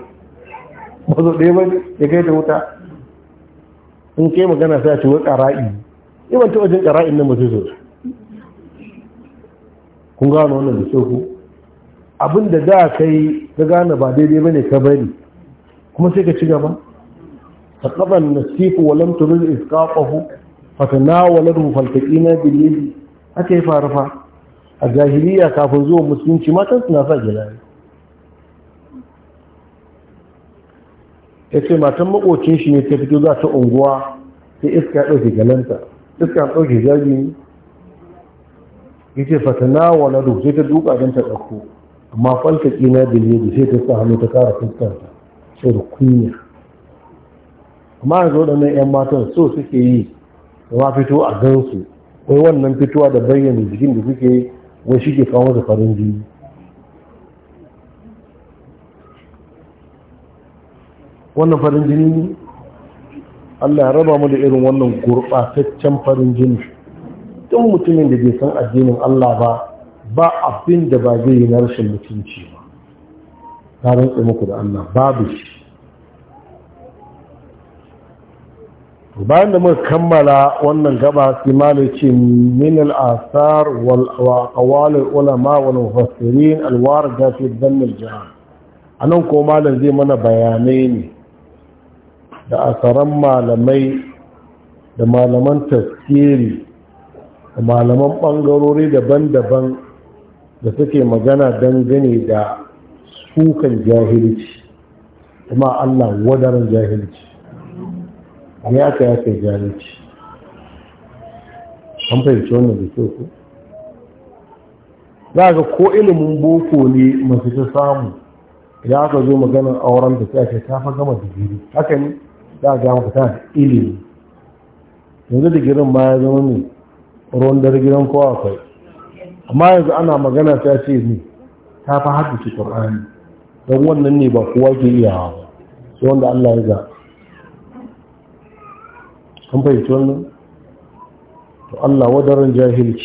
ba zo ɗaya ba ya kai ta wuta in kai magana sai a ce wa ƙara'i iban ta wajen ƙara'in nan ba sai zo kun gano wannan da ke ku Abinda da kai ka gane ba daidai ba ne ka bari kuma sai ka ci gaba ta ƙaban nasifu walam turin fata na walar mufaltaƙi na bilili aka yi farafa a jahiliya kafin zuwa musulunci matan suna sa jilari ya ce matan makocin shi ne ta fito za ta unguwa sai iska ɗauke galanta iska ɗauke jari ya ce fatana wa na sai ta duka don ta ɗauko amma falka ƙina da ne da sai ta sa hannu ta kara fuskanta sai da kunya amma yanzu waɗannan 'yan matan so suke yi ma fito a gansu wai wannan fitowa da bayyana jikin da suke yi. wai shi ke kawo masa farin jini wannan farin jini Allah ya raba mu da irin wannan gurɓataccen farin jini tun mutumin da bai san addinin Allah ba ba abin da ba zai yi na rashin mutunci ba ta rantsa muku da Allah babu shi bayan da muka kammala wannan gaba simali ce min al'asar wa ƙawalar ulama wa mufassirin alwar da fi zannin jiha a nan ko malam zai mana bayanai ne da asaran malamai da malaman tafsiri da malaman ɓangarori daban-daban da suke magana gani da sukan jahilci kuma allah wadaran jahilci ne aka ya kai jahilci an fahimci wannan da kyau ko za ga ko ilimin boko ne masu ta samu idan aka zo maganar auren da ta ce ta fa gama digiri haka ne za ga maka ta ilimi yanzu digirin ma ya zama ne ruwan dare gidan kowa akwai amma yanzu ana magana ta ce ne ta fa haddace qur'ani don wannan ne ba kowa ke iyawa ba sai wanda Allah ya zaɓa an fahimci wannan to Allah wadaran jahilci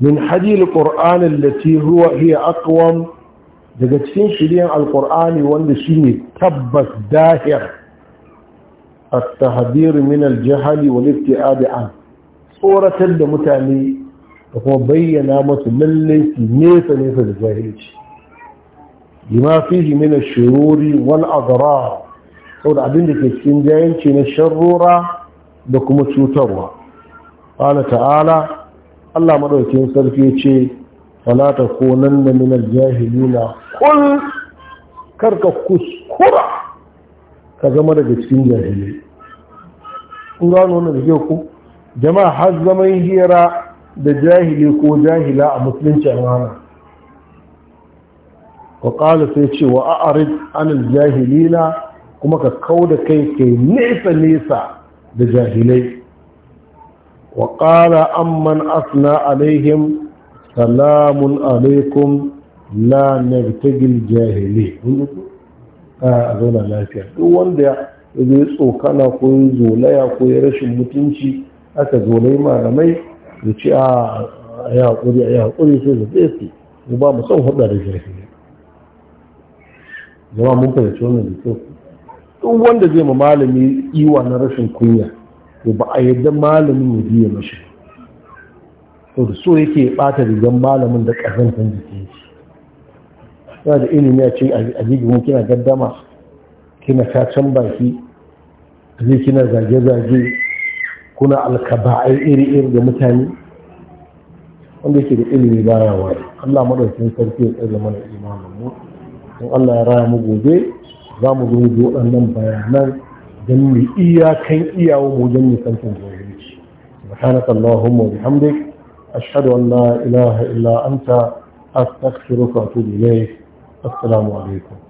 min hadil qur'an allati huwa hiya aqwam daga cikin shiryan alqur'ani wanda shine tabbas dahir at-tahdhir min al-jahl wal ibti'ad an tsoratar da mutane da kuma bayyana musu lalle su nesa nesa da jahilci bima fihi min ash-shururi wal adrar saboda abin da ke cikin jayanci na sharrora da kuma cutarwa ƙala ta'ala Allah maɗaukin sarki ya ce fala ta konan da minar jahilina kul karka kuskura ka zama daga cikin jahili kun gano wannan da ku jama'a har zaman hira da jahili ko jahila a musulunci a rana wa sai ce wa a'arid anil jahilina kuma ka kau da kai ke nesa nesa da jahilai wa ƙara amman asna alaihim salamun alaikum la nabtagil jahili a zauna lafiya duk wanda ya zai tsokana ko ya zolaya ko ya rashin mutunci aka zolai malamai da ce a ya haƙuri a ya haƙuri sai da zai ba mu son hudu da jahili zama mun fahimci wannan da kyau duk wanda zai ma malami iwa na rashin kunya to ba a yadda malamin ya biya mashi to da so yake bata rigar malamin da ƙazantar jikin shi yana da ilimi a ce a jigimu kina gaddama kina cacen baki a je kina zage-zage kuna alkaba'ai iri-iri da mutane wanda yake da ilimi baya wari Allah madaukin sarki ya tsaye mana imanin mu in Allah ya raya mu gobe za mu zo mu waɗannan bayanan don mu kan iyawa mu don nisantar jahilci subhanaka allahumma wa bihamdik ashhadu an la ilaha illa anta astaghfiruka wa atubu ilayk assalamu alaikum